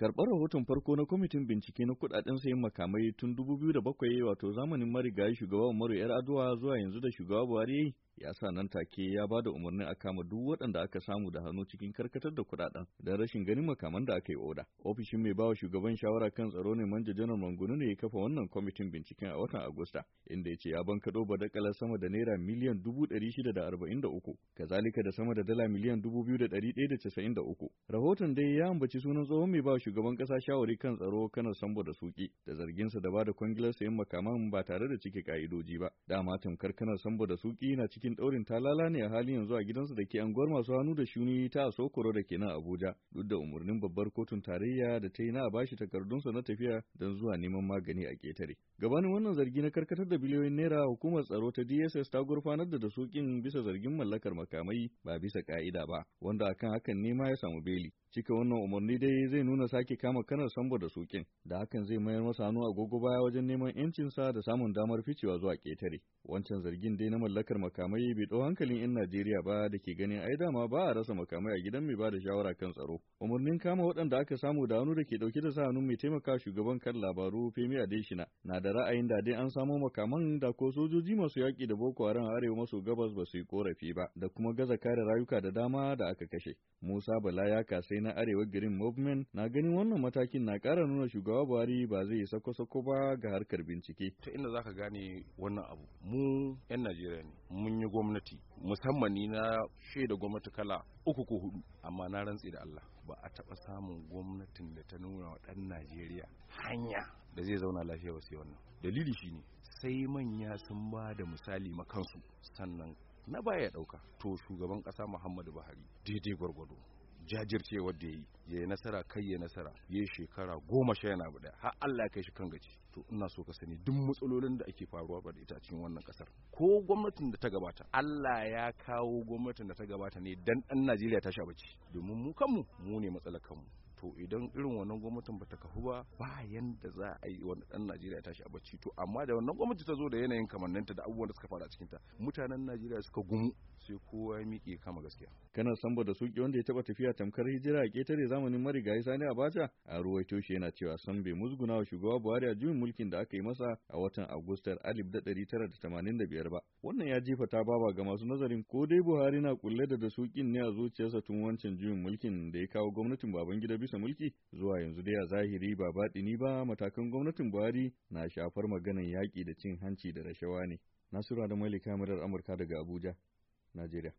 Karɓar rahoton farko na kwamitin bincike na kudaden sayan makamai tun 2007 wato zamanin marigayi shugaba Umaru Yar'adua zuwa yanzu da shugaba Buhari ya sa nan take ya ba da umarnin a kama duk waɗanda aka samu da hannu cikin karkatar da kuɗaɗen da rashin ganin makaman da aka yi oda. Ofishin mai bawa shugaban shawara kan tsaro ne manja janar Mangunu ne ya kafa wannan kwamitin binciken a watan Agusta, inda ya ce ya bankaɗo badakalar sama da naira miliyan dubu ɗari shida da arba'in da uku, kazalika da sama da dala miliyan dubu biyu da ɗari ɗaya da casa'in da uku. Rahoton dai ya ambaci sunan tsohon mai bawa shugaban ƙasa shawari kan tsaro kanar Sambo da Suki da zarginsa da ba da kwangilar sayan makaman ba tare da cike ka'idoji ba. Dama tamkar kanar Sambo da Suki na cikin cikin ɗaurin talala ne a halin yanzu a gidansa da ke anguwar masu hannu da shuni ta a Sokoro da ke nan Abuja duk da umarnin babbar kotun tarayya da ta yi na a bashi takardunsa na tafiya don zuwa neman magani a ƙetare. Gabanin wannan zargi na karkatar da biliyoyin naira hukumar tsaro ta DSS ta gurfanar da dasukin bisa zargin mallakar makamai ba bisa ka'ida ba wanda akan hakan nema ya samu beli. Cika wannan umarni dai zai nuna sake kama kanar sambo da sukin da hakan zai mayar masa hannu agogo baya wajen neman 'yancinsa da samun damar ficewa zuwa ƙetare. Wancan zargin dai na mallakar makamai makamai bai ɗau hankalin 'yan Najeriya ba da ke ganin ai dama ba a rasa makamai a gidan mai ba da shawara kan tsaro. Umarnin kama waɗanda aka samu da hannu da ke ɗauke da sa mai taimaka shugaban kan labaru Femi Adeshina na da ra'ayin da dai an samo makaman da ko sojoji masu yaƙi da Boko Haram a arewa maso gabas ba su yi korafi ba da kuma gaza kare rayuka da dama da aka kashe. Musa Bala ya kasai na arewa Green Movement na ganin wannan matakin na ƙara nuna shugaba Buhari ba zai yi sako-sako ba ga harkar bincike. Ta inda za gane wannan abu mu 'yan Najeriya ne mun yi gwamnati musamman ni na shaida gwamnati kala uku ko hudu amma na rantse da Allah ba a taba samun gwamnatin da ta nuna wa dan Najeriya hanya da zai zauna lafiya wasu sai wannan dalili shine sai manya sun ba da misali makansu sannan na baya dauka to shugaban kasa Muhammadu Buhari daidai gwargwado jajircewar da yayi ya yi nasara kai ya nasara ya shekara goma sha yana buɗe har Allah ya kai shi kan gaci to ina so ka sani duk matsalolin da ake faruwa ba da ita cikin wannan kasar ko gwamnatin da ta gabata Allah ya kawo gwamnatin da ta gabata ne dan ɗan Najeriya ta sha bacci domin mu kanmu mu ne matsalar kanmu to idan irin wannan gwamnatin bata kahu ba ba yanda za a yi wa dan Najeriya ya tashi a bacci to amma da wannan gwamnati ta zo da yanayin kamanninta da abubuwan da suka faru a cikinta mutanen Najeriya suka gumu sai kowa ya miƙe kama gaskiya kana samba da suki wanda ya taba tafiya tamkar hijira a ketare zamanin marigayi Sani Abacha a ruwaito shi yana cewa san bai musguna wa shugaba Buhari a juyin mulkin da aka yi masa a watan Agustar biyar ba wannan ya jefa ta baba ga masu nazarin ko dai Buhari na kulle da da sukin ne a zuciyarsa tun wancan juyin mulkin da ya kawo gwamnatin Babangida bisa bisa mulki zuwa yanzu dai a zahiri ba baɗini ba matakan gwamnatin Buhari na shafar maganan yaƙi da cin hanci da rashawa ne. Nasiru da Malika Murar Amurka daga Abuja, Najeriya.